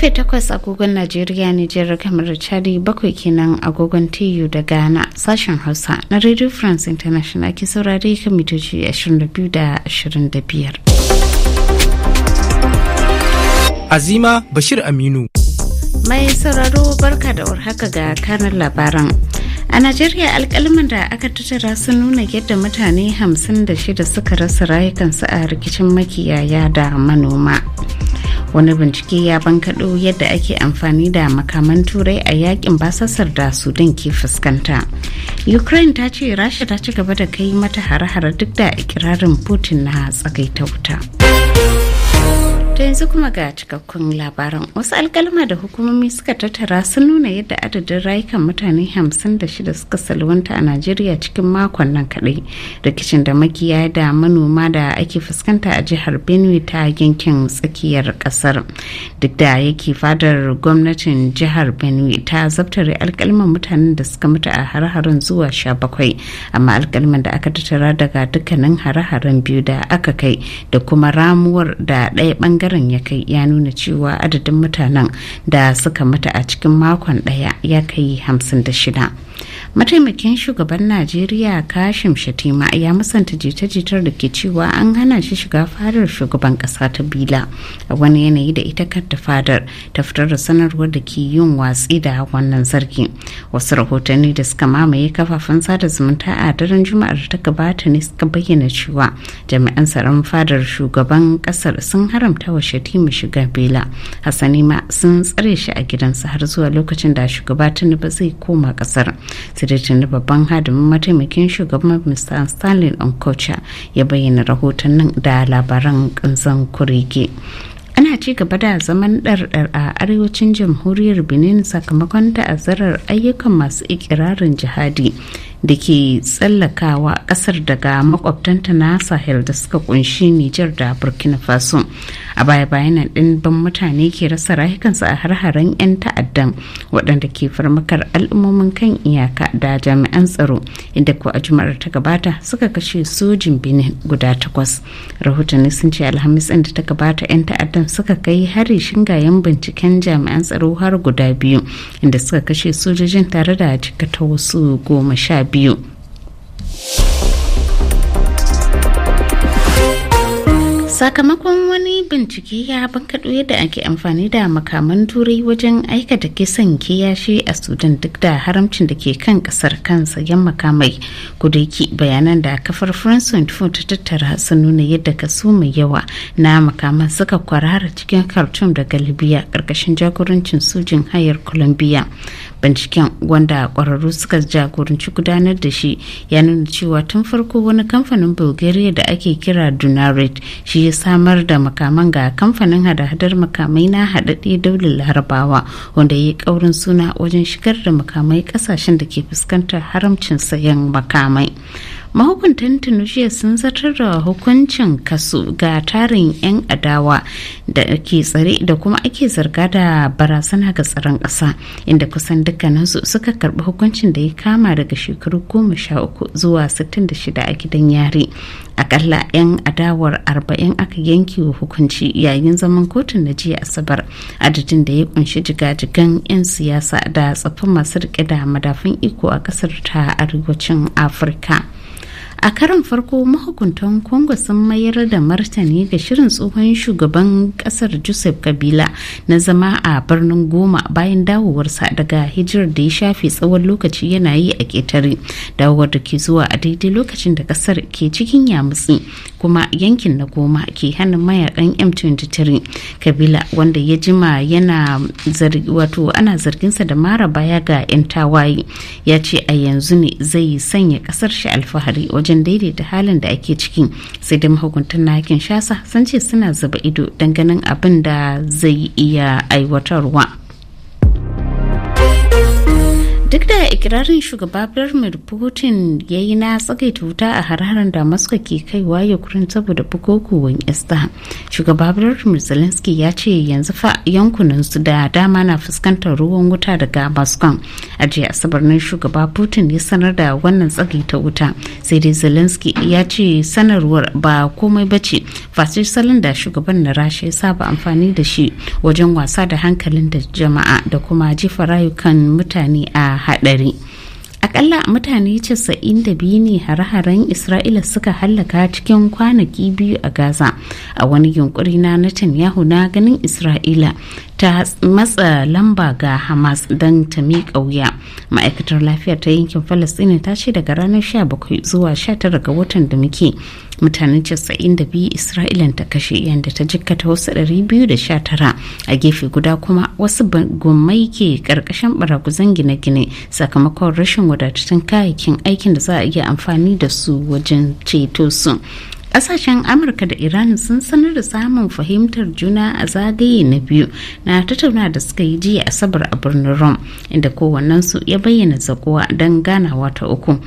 karfe takwas agogon najeriya nijar kamar chadi bakwai kenan agogon tiyu da ghana sashen hausa na radio france international ke saurare kan mitoci 22 25 azima bashir aminu mai sauraro barka da warhaka ga kanar labaran A Najeriya alkalman da aka tattara sun nuna yadda mutane 56 suka rasa rayukansu a rikicin makiyaya da manoma. wani bincike ya bankaɗo yadda ake amfani da makaman turai a yakin basasar da sudan ke fuskanta ukraine ta ce rasha ta ci gaba da kai mata hare-hare duk da ikirarin putin na tsagaita wuta. ta yanzu kuma ga cikakkun labaran wasu alkalma da hukumomi suka tattara sun nuna yadda adadin rayukan mutane 56 suka salwanta a najeriya cikin makon nan kaɗai rikicin da makiya da manoma da ake fuskanta a jihar benue ta yankin tsakiyar ƙasar duk da yake fadar gwamnatin jihar benue ta zabtare alkalman mutanen da suka mutu a har harin zuwa 17 amma alkalman da aka tattara daga dukkanin har harin biyu da aka kai da kuma ramuwar da ɗaya harin ya kai ya nuna cewa adadin mutanen da suka mutu a cikin makon daya ya kai shida. mataimakin shugaban najeriya kashim shatima ya musanta jita-jitar da ke cewa an hana shi shiga fadar shugaban kasa ta bila a wani yanayi da ita kanta fadar ta fitar da sanarwar da ke yin watsi da wannan zargi wasu rahotanni da suka mamaye kafafen sada zumunta a daren juma'ar da ta gabata ne suka bayyana cewa jami'an tsaron fadar shugaban kasar sun haramta wa shatima shiga bila hasani ma sun tsare shi a gidansa har zuwa lokacin da shugaba ba zai koma kasar sirritin da babban hadamin mataimakin shugaban mr stanley onkocha ya bayyana rahoton nan da labaran kanzan kurege ana ci gaba da zaman ɗarɗar a arewacin jamhuriyar benin sakamakon azarar ayyukan masu ikirarin jihadi da ke tsallakawa kasar daga makwabtanta na sahel da suka kunshi nijar da burkina faso a baya bayanan ban mutane ke rasa rayukansu a har-haren 'yan ta'addan waɗanda ke farmakar al'ummomin kan iyaka da jami'an tsaro inda kuwa a juma'ar ta gabata suka kashe sojin benin guda takwas rahotanni sun ce alhamis inda ta gabata 'yan ta'addan suka kai hari shingayen binciken jami'an tsaro har guda biyu inda suka kashe sojojin tare da jikata wasu goma sha biyu. sakamakon wani bincike ya bankaɗo yadda ake amfani da makaman turai wajen aikata kisan kiyashi a sudan duk da haramcin da ke kan kasar kan sayan makamai kudaki bayanan da kafar france 24 ta tattara sun nuna yadda kaso mai yawa na makaman suka kwarara cikin khartoum daga libya ƙarƙashin jagorancin sojin hayar colombia binciken wanda kwararru suka jagoranci gudanar da shi ya nuna cewa tun farko wani kamfanin bulgaria da ake kira dunarit shi ya samar da makaman ga kamfanin hada-hadar makamai na haɗaɗɗe daular larabawa wanda ya yi ƙaurin suna wajen shigar da makamai ƙasashen da ke fuskantar haramcin sayan makamai mahukuntan tunisia sun zartar da hukuncin kasu ga tarin 'yan adawa da ke tsare da kuma ake zarga da barasana ga tsaron ƙasa inda kusan dukkaninsu suka karbi hukuncin da ya kama daga shekaru goma sha uku zuwa sittin da shida a gidan yari akalla 'yan adawar arba'in aka yanke wa hukunci yayin zaman kotun na jiya asabar adadin da ya kunshi jigajigan 'yan siyasa da tsaffin masu rike da madafin iko a kasar ta arewacin afirka a karan farko mahukuntan kongo sun mayar da martani ga shirin tsohon shugaban kasar joseph kabila na zama a birnin goma bayan dawowarsa daga hijirar da ya shafe tsawon lokaci yana yi a ketare dawowar da ke zuwa a daidai lokacin da kasar ke cikin yamutsi kuma yankin na goma ke hana mayakan m23 kabila wanda ya jima yana wato ana zarginsa da mara baya ga 'yan tawaye ya ce a yanzu ne zai sanya kasar shi alfahari wajen daidaita halin da ake ciki sai da mahukuntan na hakin shasa sun ce suna zuba ido don ganin abin da zai iya aiwatarwa. duk da ikirarin shugaba vladimir putin ya yi na tsagaita wuta a hararen da maska ke kaiwa kurin saboda bukukuwan esta shugaba vladimir zelensky ya ce yanzu fa yankunan su da dama na fuskantar ruwan wuta daga moscow a jiya asabar nan shugaba putin ya sanar da wannan tsagaita wuta sai dai zelensky ya ce sanarwar ba komai ba ce face salon da shugaban na rasha ya saba amfani da shi wajen wasa da hankalin da jama'a da kuma jefa rayukan mutane a hadari. akalla mutane biyu ne hare-haren isra'ila suka hallaka cikin kwanaki biyu a gaza a wani yunkuri na netanyahu na ganin isra'ila ta matsa lamba ga hamas don ta miƙa wuya ma'aikatar lafiya ta yankin falastini ta ce daga ranar 17 zuwa 19 ga watan da muke mutanen 92 isra'ilan ta kashe yadda ta jikkata wasu 219 a gefe guda kuma wasu gummai ke karkashin baraguzan gine-gine sakamakon rashin wadatattun kayayyakin aikin da za a iya amfani da su wajen ceto su kasashen amurka da iran sun sanar da samun fahimtar juna a zagaye na biyu na tattauna da suka yi jiya asabar a birnin rome inda su ya bayyana zakuwa don ganawa ta uku